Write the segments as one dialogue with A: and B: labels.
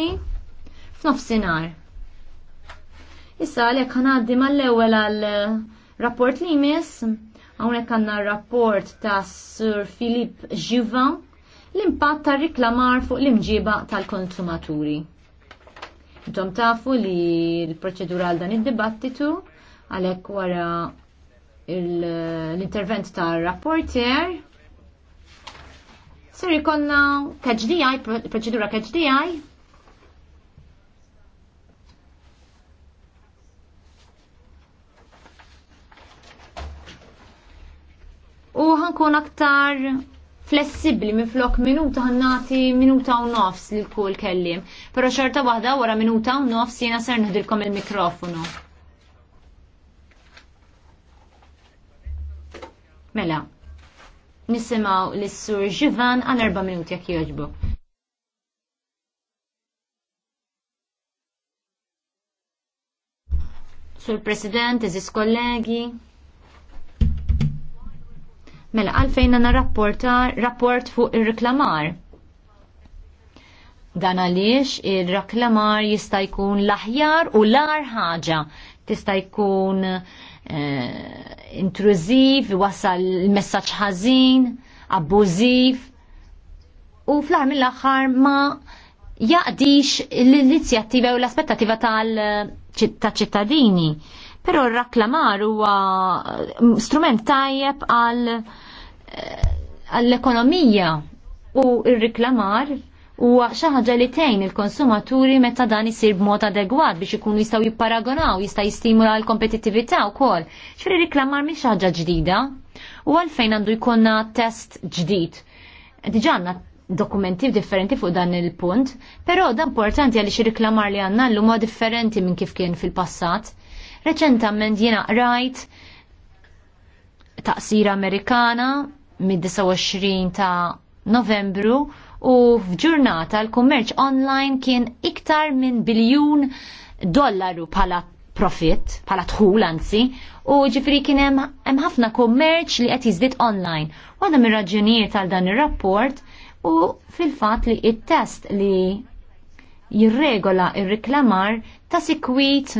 A: votazzjoni f'nofsinhar. Issa għalhekk ħanaddi mal-ewwel għal rapport li jmiss hawnhekk għandna rapport ta' Sir Philippe Givin l-impatt tar-riklamar fuq l-imġiba tal-konsumaturi. Intom tafu li l-proċedura għal dan id-dibattitu għalhekk wara l-intervent tar-rapporter Sir ikonna KHDI, proċedura KHDI, u ħankun aktar flessibli minn flok minuta ħannati minuta u nofs li kull kellim. Pero xorta waħda wara minuta u nofs jena ser nħdilkom il-mikrofonu. Mela, nisimaw l-sur ġivan għal erba minuti jek joġbu. Sur President, eżis kollegi, Mela għalfejn għana rapport fuq ir-reklamar. Dan għaliex ir-reklamar jista' jkun l-aħjar u l-ar ħaġa. Tista' jkun eh, intrużiv, wasal messaġġ ħażin, abbużiv. U fl-ar mill-aħħar ma jaqdix l-inizjattiva u l-aspettativa tal-ċittadini. Però r-raklamar huwa eh, strument tajjeb għal eh, għall-ekonomija u r-reklamar huwa xi ħaġa li tgħin il-konsumaturi meta dan isir b'mod adegwat biex ikunu jistgħu jipparagonaw, jista' jistimula l-kompetittività wkoll. Xfri reklamar minn ħaġa ġdida u għalfejn għandu jkollna test ġdid. Diġanna dokumenti differenti fuq dan il-punt, però da importanti għaliex xir riklamar li għanna l huwa differenti minn kif kien fil-passat. Reċentament jiena rajt taqsira Amerikana mid-29 ta' Novembru u f'ġurnata l-kummerċ online kien iktar minn biljun dollaru pala profit, pala tħul anzi, u ġifri kien hemm ħafna kummerċ li qed jiżdied online. Waħda mir-raġunijiet għal dan ir-rapport u fil-fatt li it-test li jirregola ir-reklamar ta' sikwit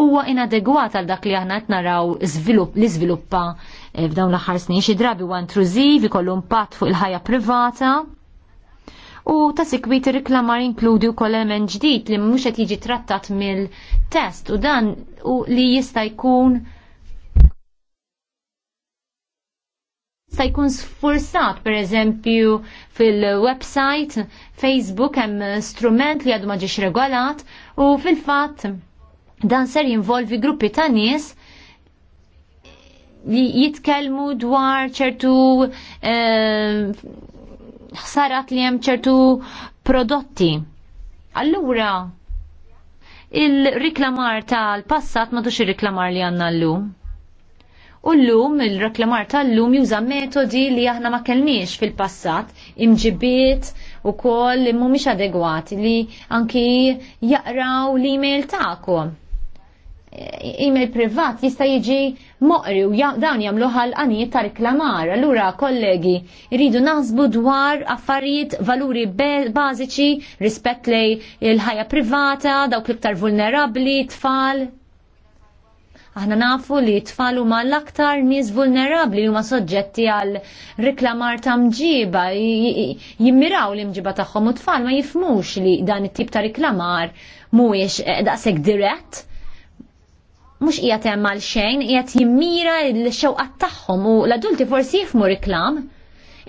A: huwa inadegwat għal dak li aħna qed naraw li żviluppa eh, f'dawn l-aħħar snin xi drabi huwa intrużiv, ikollu impatt fuq il-ħajja privata. U ta' sikwit ir reklamar inkludi wkoll element ġdid li mhux qed jiġi trattat mill-test u dan u li jista' jkun sta' jkun sforzat per eżempju fil-website, Facebook hemm strument li għadu ma ġiex regolat u fil-fatt Dan ser jinvolvi gruppi ta' nies li jitkellmu dwar ċertu eh, ħsarat li hemm ċertu prodotti. Allura, il-riklamar tal-passat madux ir riklamar li għanna l-lum. U l-lum, il-reklamar tal-lum juża metodi li aħna ma kellniex fil-passat, imġibiet u koll li mumiex adegwati li anki jaqraw l-email ta'kom. E-mail privat jista' jiġi moqri u dawn jagħmlu ħalqanijiet ta' riklamar. Allura kollegi, rridu naħsbu dwar affarijiet valuri bażiċi, rispett lej il-ħajja privata, dawk l-iktar vulnerabbli, tfal. Aħna nafu li tfal huma l-aktar nies vulnerabbli huma soġġetti għal riklamar ta' mġiba, jimmiraw l mġiba tagħhom u tfal ma jifmux li dan it-tip ta' riklamar mhuwiex eh, daqshekk dirett mux qiegħed hemm għal xejn, qiegħed jimmira l-xewqat tagħhom u l-adulti forsi jifmu riklam,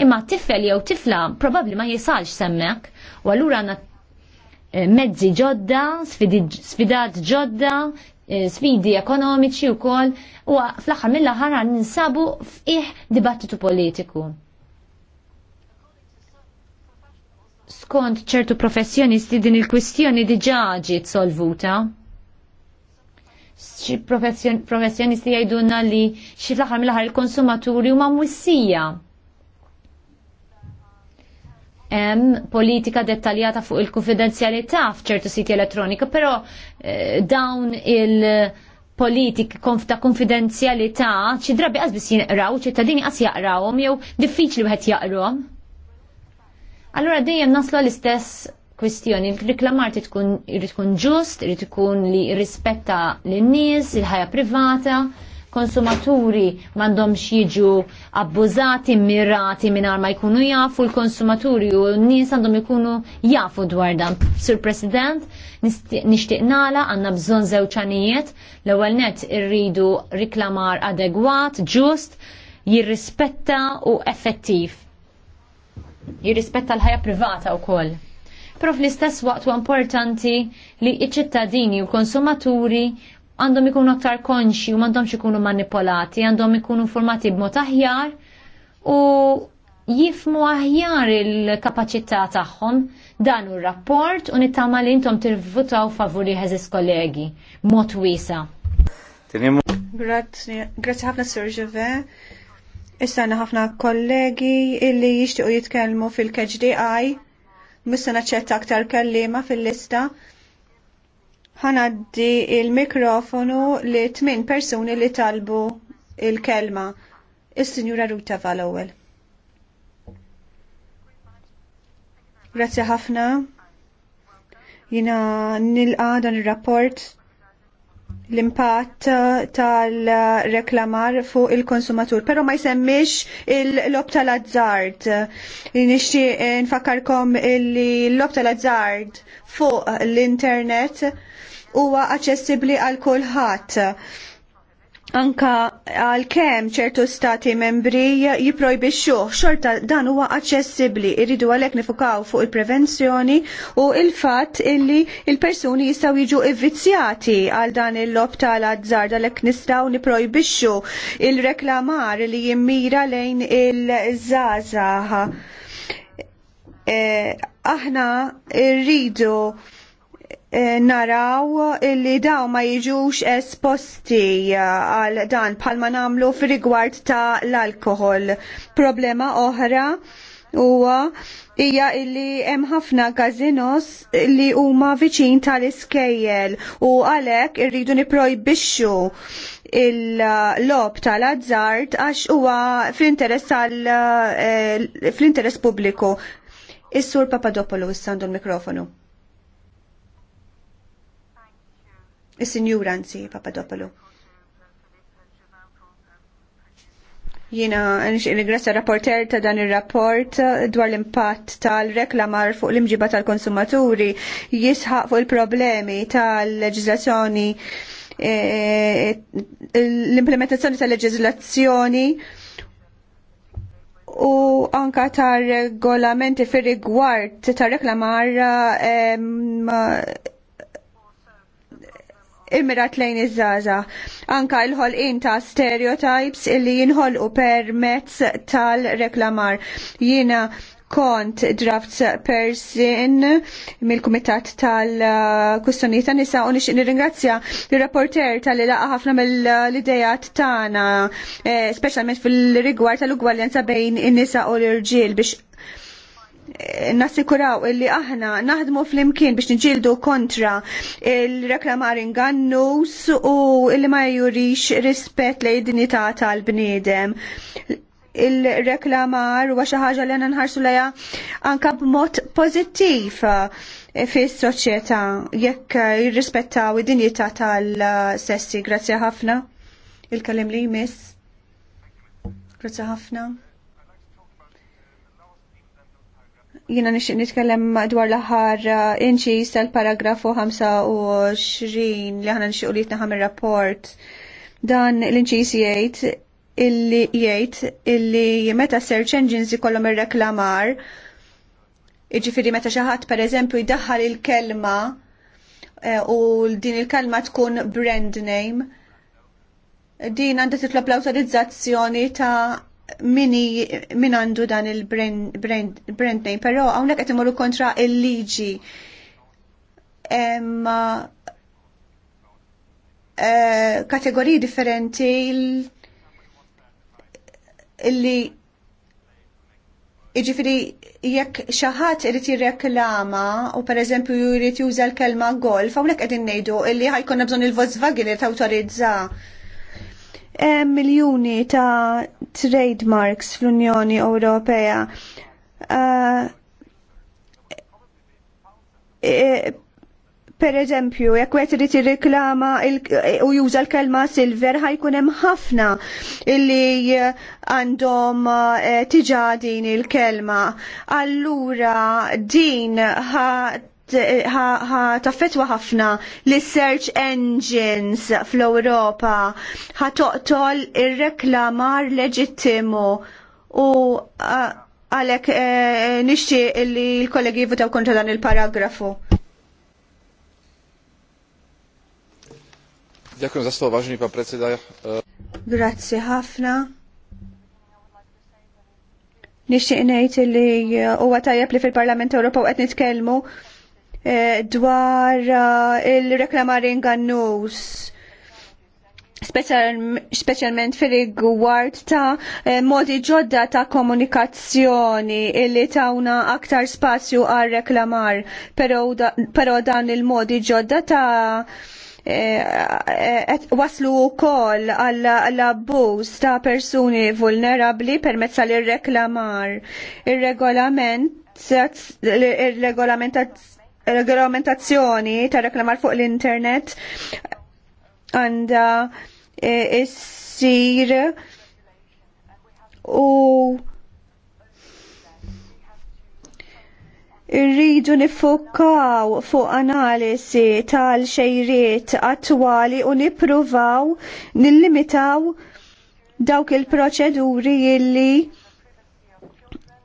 A: imma tifel jew tifla probabbli ma jisalx semmek, u allura għandna eh, mezzi ġodda, sfidat ġodda, eh, sfidi ekonomiċi wkoll u fl-aħħar mill-aħħar ninsabu f'ih dibattitu politiku. Skont ċertu professjonisti din il-kwistjoni diġaġi ġiet solvuta xi professjonisti jgħidulna li xi fl-aħħar mill-aħħar il-konsumaturi huma mwissija. Hemm politika dettaljata fuq il-konfidenzjalità f'ċertu siti elettronika, però eh, dawn il-politik konf ta' konfidenzjalità xi drabi qas biss jinqraw, ċittadini qas jaqrawhom jew diffiċli wieħed jaqrawhom. Allura dejjem naslu l-istess kwistjoni. ti tkun irid tkun ġust, irid ikun li rispetta l-nies, il-ħajja privata, konsumaturi m'għandhomx jiġu abbużati, mirati mingħajr ma jkunu jafu, l-konsumaturi u n-nies għandhom ikunu jafu dwar dan. Sur President, nixtieq għanna għandna bżonn l-ewwel nett irridu riklamar adegwat, ġust, jirrispetta u effettiv. Jirrispetta l-ħajja privata wkoll Prof l-istess waqt importanti li iċ-ċittadini u konsumaturi għandhom ikunu aktar konxi u m'għandhomx ikunu manipolati, għandhom ikunu informati b'mod aħjar u jifmu aħjar il-kapacità tagħhom dan u rapport u nittama li intom tirvutaw favuri ħeżis kollegi. Mod wiesa.
B: Grazzi ħafna Sir Jove. Issa ħafna kollegi illi jixtiequ jitkellmu fil kgdi Mussa naċċetta aktar kellima fil-lista. Ħanaddi il-mikrofonu li tmin persuni li talbu il-kelma. Is-Sinjura Ruta fal-ewwel. Grazzi ħafna. Jina nilqa dan ir-rapport l-impatt eh, tal-reklamar fuq il-konsumatur, pero ma jsemmix il-lob tal-azzard. Nixti eh, nfakkarkom li l-lob tal-azzard fuq l-internet huwa aċċessibbli għal kulħadd Anka għal kem ċertu stati membri jiprojbixxu xorta dan huwa aċċessibbli irridu għalhekk nifukaw fuq il-prevenzjoni u il-fatt illi il-persuni jistgħu jiġu evvizzjati għal dan il-lob tal-azzar għalhekk nistgħu niprojbixxu il-reklamar li jimmira lejn il-żgħażagħ. Eh, aħna rridu Eh, naraw li daw ma jiġux esposti eh, għal dan palma namlu fil-rigward ta' l-alkohol. Problema oħra huwa hija illi hemm ħafna gazinos li huma viċin tal-iskejjel u għalhekk irridu niprojbixxu il-lob tal-azzart għax huwa fl-interess eh, fl-interess pubbliku. Is-Sur Papadopoulos għandu l-mikrofonu. Is-Sinjur Anzi Papadopoulou. Jina nirgrazzja rapporter ta' dan ir-rapport dwar l-impatt tal-reklamar fuq l-imġiba tal-konsumaturi jisħaq fuq il-problemi tal-leġiżlazzjoni e, e, l-implementazzjoni tal-leġiżlazzjoni u anka tar regolamenti fir rigward tar reklamar immirat lejn iż-żaża. Anka l-ħolqien ta' stereotypes illi jinħolqu permezz tal-reklamar. Jiena kont drafts person mill-Kumitat tal kustjonijiet ta' Nisa u nixtieq nirringrazzja l rapporter tal-li laqa ħafna mill-idejat tagħna, eh, speċjalment fil-rigward tal-ugwaljanza bejn in-nisa u l-irġiel biex nassikuraw illi aħna naħdmu fl-imkien biex nġildu kontra il-reklamar ingannus u illi ma jurix rispett lej dinjità tal-bniedem il-reklamar u xi ħaġa li nħarsu lejha anke b'mod pożittiv fis-soċjetà jekk jirrispettaw id-dinjità tal-sessi. Grazie ħafna. Il-kellim li jmiss. Grazie ħafna. Jina nixtieq nitkellem dwar l-aħħar uh, inċis tal-paragrafu 25 li ħana u li jitnaħam il rapport Dan l-inċis jgħid illi jgħid illi meta search engines ikollhom il reklamar Iġifiri meta xaħat per eżempju jdaħħal il-kelma eh, u din il-kelma tkun brand name, din għandha titlob l-autorizzazzjoni ta' mini min għandu dan il-brand name, pero għawnek għet imorru kontra il-liġi. Emma uh, eh, kategoriji differenti illi Iġifiri, jekk xaħat irrit jirreklama u per eżempju jirrit juża l-kelma golf, għawnek għedin nejdu illi ħajkonna bżon il-Volkswagen irrit autorizza Hemm miljuni ta' trademarks fl-Unjoni Ewropea. Pereżempju, uh, per eżempju, jekk wieħed irid jirriklama u juża l-kelma silver ħajkun hemm ħafna illi għandhom uh, tiġa din il-kelma. Allura din taffetwa ħafna li search engines fl-Europa ħatoqtol ir-reklamar leġittimu u għalek e, nixti li l-kollegi votaw kontra dan il-paragrafu.
A: Ďakujem za slovo, vážený pán predseda.
B: Grazie ħafna. Nixtieq ngħid li huwa tajjeb li fil-Parlament Ewropew qed nitkellmu Eh, dwar eh, il-reklamar ingannus specialment fil-rigward ta' eh, modi ġodda ta' komunikazzjoni li tawna aktar spazju għal reklamar pero dan il-modi ġodda ta' waslu u koll għall-abbuż ta' persuni vulnerabli permezz l reklamar Il-regolament regolament regolamentazzjoni ta' reklamar fuq l-internet għanda e, issir e, u irridu nifukaw fuq analisi tal-xejriet attwali u nippruvaw nillimitaw dawk il-proċeduri illi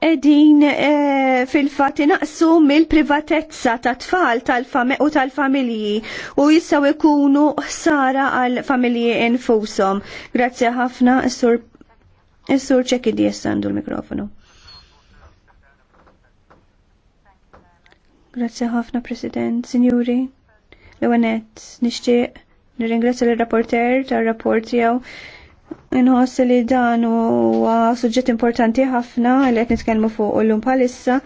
B: edin eh, fil-fat naqsu mill-privatezza ta' tfal tal u tal-familji u jissaw ikunu ħsara għal-familji infusom. Grazie ħafna, s-sur ċekki di jessandu l-mikrofonu. Grazie ħafna, President, Signori, l-għanet, nishtiq, nirringrazzja l-rapporter tal-rapport jew. Inħoss li dan huwa suġġett importanti ħafna li qed nitkellmu fuq llum bħalissa.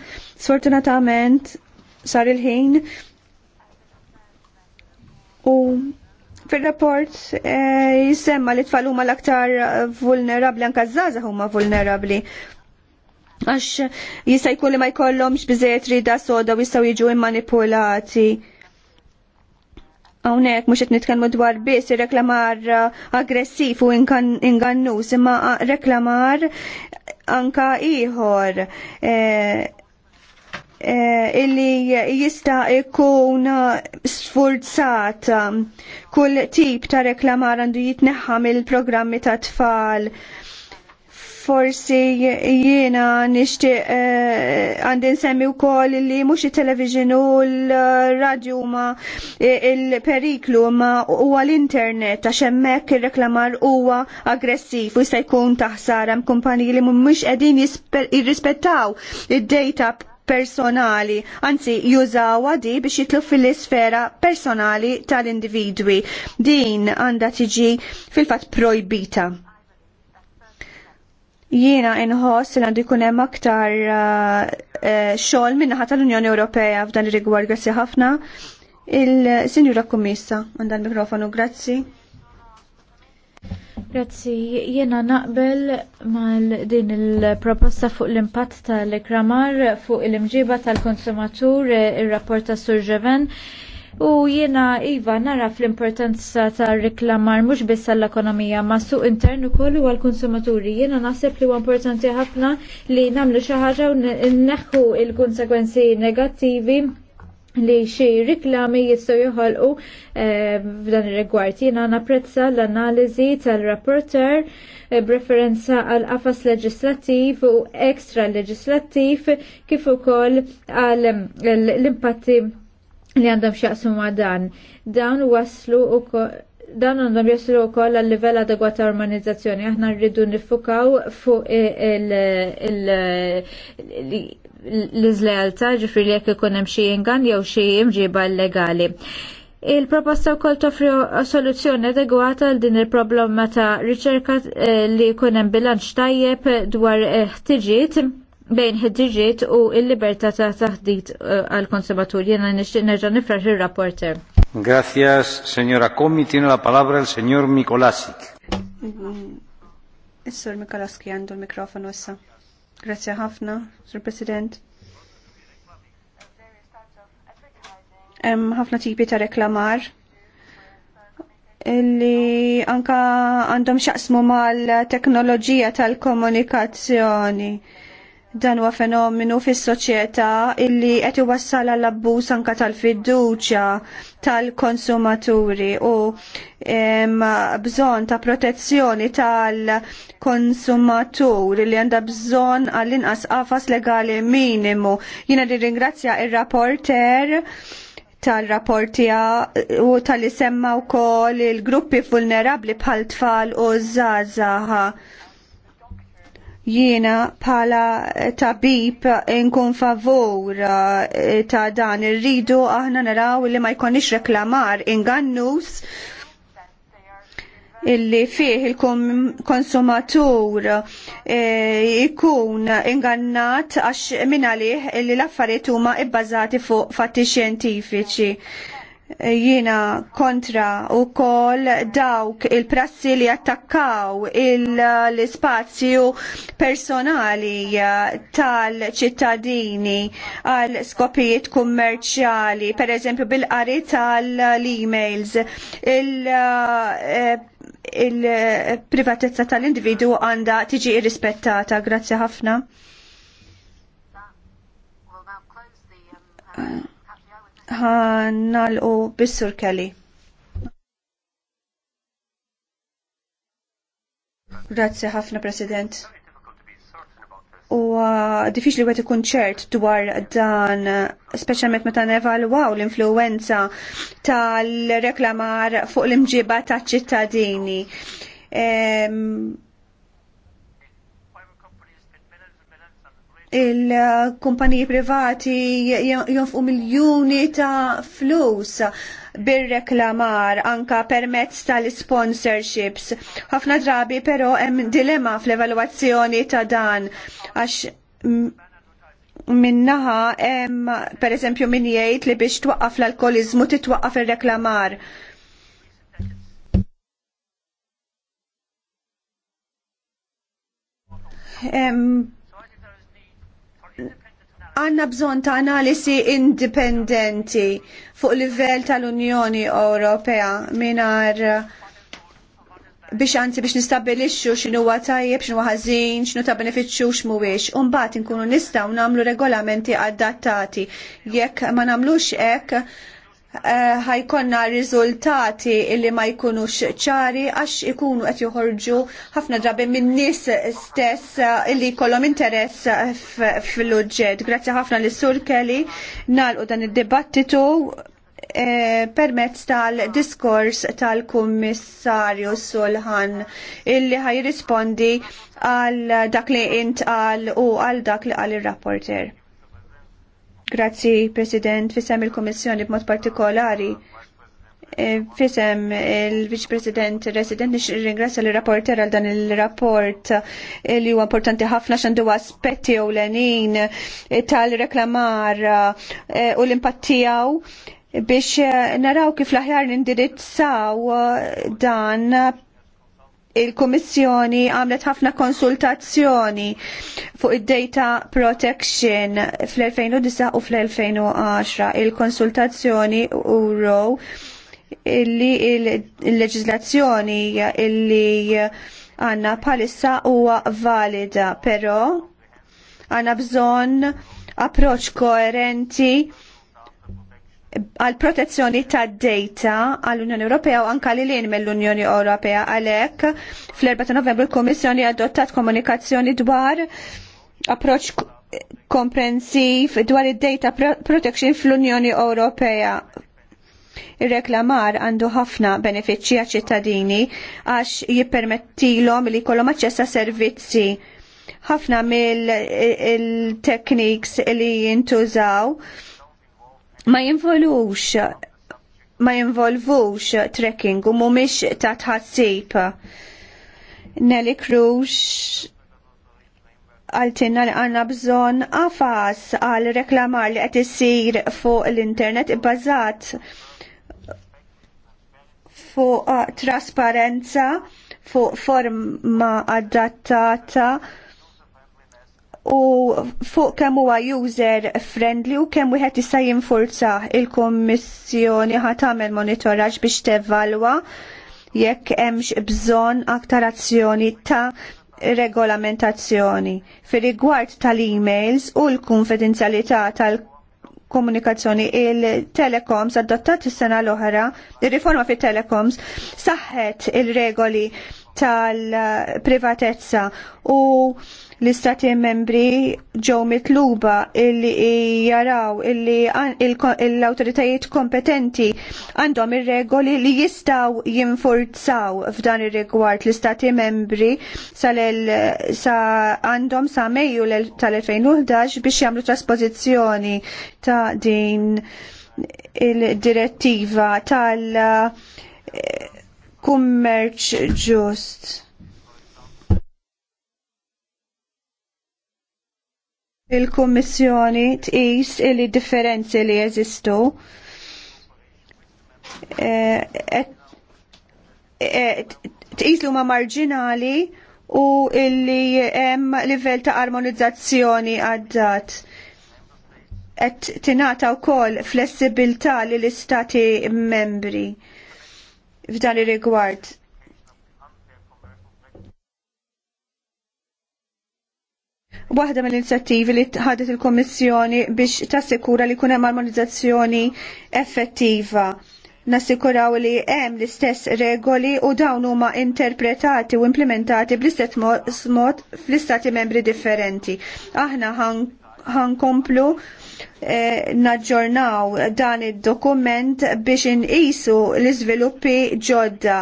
B: Sfortunatament sar il-ħin u fil-rapport eh, jisemma li tfal huma l-aktar vulnerabli anka żgħażagħ huma vulnerabli. Għax jista' jkun li ma jkollhomx biżejjed rida soda u jistgħu jiġu immanipulati. manipulati Hawnhekk mhux qed nitkellmu dwar biss reklamar uh, aggressiv u ingannus imma uh, reklamar anka ieħor eh, eh, illi jista' jkun uh, sfurzat um, kull tip ta' reklamar għandu jitneħħa mill-programmi ta' tfal forsi jiena nixtieq eh, għandi nsemmi wkoll li mhux it-television u l-radju ma eh, il-periklu ma huwa l-internet għax hemmhekk ir-reklamar huwa aggressiv u jista' jkun hemm kumpaniji li mhumiex qegħdin jirrispettaw id-data personali, anzi jużaw għadi biex jitlu fil-isfera personali tal-individwi. Din għandha tiġi fil-fatt projbita. Jiena inħoss li għandu jkun hemm aktar eh, eh, xogħol minnaħa tal-Unjoni Ewropea f'dan ir-rigward grazzi ħafna.
C: Il-Sinjura
B: Kummissa għandha l-mikrofonu, grazzi.
C: Grazzi, jiena naqbel mal din il-proposta fuq l-impatt tal-ikramar fuq il-imġiba tal-konsumatur eh, ir-rapport ta' Surġeven. U jiena Iva nara fl-importanza ta' reklamar mhux biss għall-ekonomija ma' suq internu kollu għall-konsumaturi. Jiena naħseb li huwa importanti ħafna li nagħmlu xi ħaġa u nneħħu il-konsekwenzi negattivi li xi riklami jistgħu joħolqu eh, f'dan ir-rigward. Jiena napprezza l-analiżi tal-rapporter eh, b'referenza għal qafas leġislattiv u ekstra leġislattiv kif ukoll għal l-impatti li għandhom xaqsmu ma' dan. Dawn waslu u dan għandhom jaslu wkoll għal livell adegwat ta' urbanizzazzjoni. Aħna rridu nifukaw fuq l izlealta ġifri li jekk ikun hemm xi ingan jew xi imġiba illegali. Il-proposta wkoll toffri soluzzjoni adegwata għal din il-problema ta' riċerka eh, li jkun hemm bilanċ tajjeb dwar eh, ħtiġiet bejn ħidġiġiet u il-libertà ta' taħdit eh, għal konservatur jena nixtieq nerġa' nifraħ ir-rapporter. Gracias, senjora Komi, Tiene la palabra l-Senjor Mikolasik.
B: Mm, Is-sur Mikolaski għandu l-mikrofonu issa. Grazie ħafna, Sur President. Hemm ħafna tipi ta' reklamar illi anka għandhom xaqsmu mal-teknoloġija tal-komunikazzjoni Dan huwa fenomenu fis-soċjetà illi qed iwassal għall abbuż anke tal-fiduċja tal-konsumaturi u bżonn ta' protezzjoni tal-konsumatur li għandha bżonn għall-inqas qafas legali minimu. Jiena ringrazzja ir-rapporter tal-rapporti u tal-semma wkoll il-gruppi vulnerabbli bħal tfal u zazaha jiena pala tabib nkun favur eh, ta' dan irridu aħna naraw li ma jkonix reklamar ingannus illi fih il-konsumatur eh, ikun ingannat għax minn għalih illi l-affarijiet huma ibbażati fuq fatti xjentifiċi jiena kontra u kol dawk il-prassi li attakkaw l-spazju personali tal-ċittadini għal skopijiet kummerċjali, per eżempju bil-qari tal-emails. Eh, il-privatezza il privatezza tal individu għanda tiġi irrispettata. Grazzi ħafna ħannalqu bis-Sur Kelly. Grazzi ħafna President. U diffiċli għet ikun ċert dwar dan, specialment meta nevalwaw l-influenza tal-reklamar fuq l-imġiba ta' ċittadini. il-kumpaniji privati jonfqu miljuni ta' flus bir-reklamar anka permezz tal-sponsorships. Ħafna drabi però hemm dilemma fl-evalwazzjoni ta' dan għax minnaħa hemm pereżempju min jgħid li biex twaqqaf l-alkoliżmu titwaqqaf ir-reklamar. Um, għanna bżon ta' analisi indipendenti fuq livell tal-Unjoni Ewropea minar biex anzi biex nistabilixxu x'inhu huwa tajjeb, x'inhu ħażin, x'inhu ta' benefiċċju x'mhuwiex. U mbagħad inkunu nistgħu nagħmlu regolamenti adattati. Jekk ma nagħmlux hekk, Eh, ħajkonna rizultati riżultati illi ma jkunux ċari għax ikunu qed joħorġu ħafna drabi minn nies stess eh, illi jkollhom interess eh, fil-uġġed. Grazzi ħafna l sur Kelly nalqu dan id-dibattitu permezz tal-diskors tal-kummissarju Sulħan illi ħajrispondi għal dak li intqal u għal dak li għal ir rapporter Grazzi, President, fissem il-Komissjoni b'mod partikolari. E, fisem il-Vice President Resident nix ringrazja l rapporter għal dan il-rapport e, li huwa importanti ħafna xandu aspetti e, u l-enin tal-reklamar u l-impattijaw biex naraw kif laħjar nindirizzaw dan il-Kummissjoni għamlet ħafna konsultazzjoni fuq id-data protection fl-2009 u fl-2010. Il-konsultazzjoni uro illi il-leġizlazzjoni illi għanna palissa huwa valida, però għanna bżon approċ koerenti għal protezzjoni ta' data għall unjoni Ewropea u anka li lin mill-Unjoni Ewropea għalhekk fl-4 ta' Novembru l-Kummissjoni adottat komunikazzjoni dwar approċ komprensiv dwar id-data protection fl-Unjoni Ewropea. Ir-reklamar għandu ħafna benefiċċji ċittadini għax jippermettilhom li jkollhom aċċess servizzi ħafna mill-techniques eh, li jintużaw ma jinvolux ma jinvolvux trekking u mumiex ta' tħassib. Nelly Cruz għaltinna li għanna bżon għafas għal reklamar li għet isir fuq l-internet ibbażat fuq trasparenza fuq forma adattata u fuq kemm huwa user friendly u kemm wieħed jista' jinfurza il-Kummissjoni ħa tagħmel monitoraġġ biex tevalwa jekk hemmx bżonn aktar azzjoni ta' regolamentazzjoni fir-rigward tal-emails u l-konfidenzjalità tal- komunikazzjoni il-telecoms adottat is-sena l-oħra, ir-riforma fit telecoms saħħet il-regoli tal-privatezza u l-istati membri ġew mitluba illi jaraw illi l-autoritajiet kompetenti għandhom ir-regoli li jistaw jinforzaw f'dan ir-rigward l-istati membri sa għandhom sa Mejju tal-2011 biex jagħmlu trasposizzjoni ta' din il-direttiva tal- kummerċ ġust. Il-Kummissjoni tqis li differenzi li jeżistu eh, eh, tqis li huma marġinali u illi hemm livell ta' armonizzazzjoni għaddat qed tingħata wkoll flessibilità lill istati membri f'dan ir-rigward. Waħda mill-inizjattivi li ħadet il-Kommissjoni biex tassikura li kunem armonizzazzjoni effettiva. Nassikuraw li hemm l-istess regoli u dawn huma interpretati u implementati bl-istess mod fl-istati membri differenti. Aħna ħankomplu Eh, naġġornaw dan id-dokument biex inqisu l-iżviluppi ġodda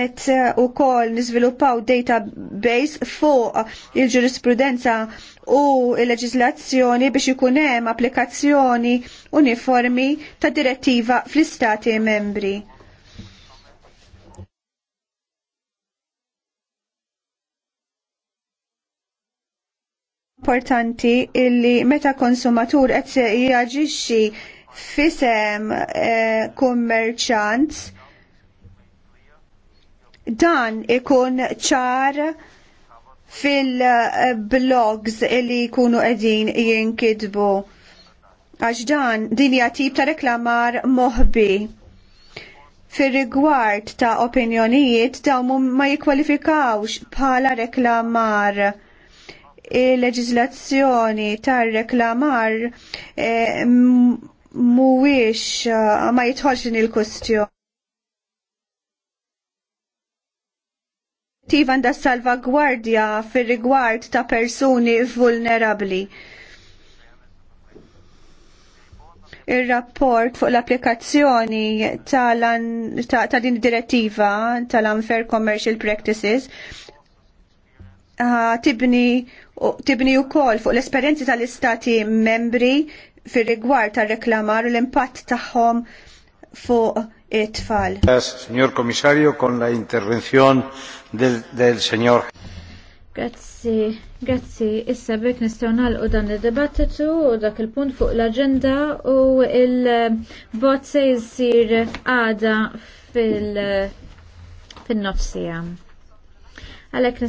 B: et eh, u kol nizviluppaw database fuq il-ġurisprudenza u il-leġizlazzjoni biex ikunem applikazzjoni uniformi ta' direttiva fl-istati membri. importanti illi meta konsumatur qed jaġixxi fisem eh, kummerċant dan ikun ċar fil-blogs li jkunu qegħdin jinkidbu għax dan din hija tip ta' reklamar moħbi. Fir-rigward ta' opinjonijiet dawn ma jikkwalifikawx bħala reklamar il-leġizlazzjoni tar-reklamar eh, muwix mhuwiex eh, ma jitħolx il kustjoni Tivan da salvagwardja fir-rigward ta' persuni vulnerabli. il-rapport fuq l-applikazzjoni ta', ta din direttiva tal-Unfair Commercial Practices Ah, tibni tibni u kol fuq l-esperienzi tal-istati membri fir rigward tar reklamar u l-impatt tagħhom
C: fuq it-tfal. Signor Komissarju, kon la intervenzjon del, del Senjor. Grazzi, grazzi. Issa bek nistgħu nagħlqu dan id debattitu u dak il-punt fuq l agenda u il-bot se jsir għada fil-nofsija. Għalek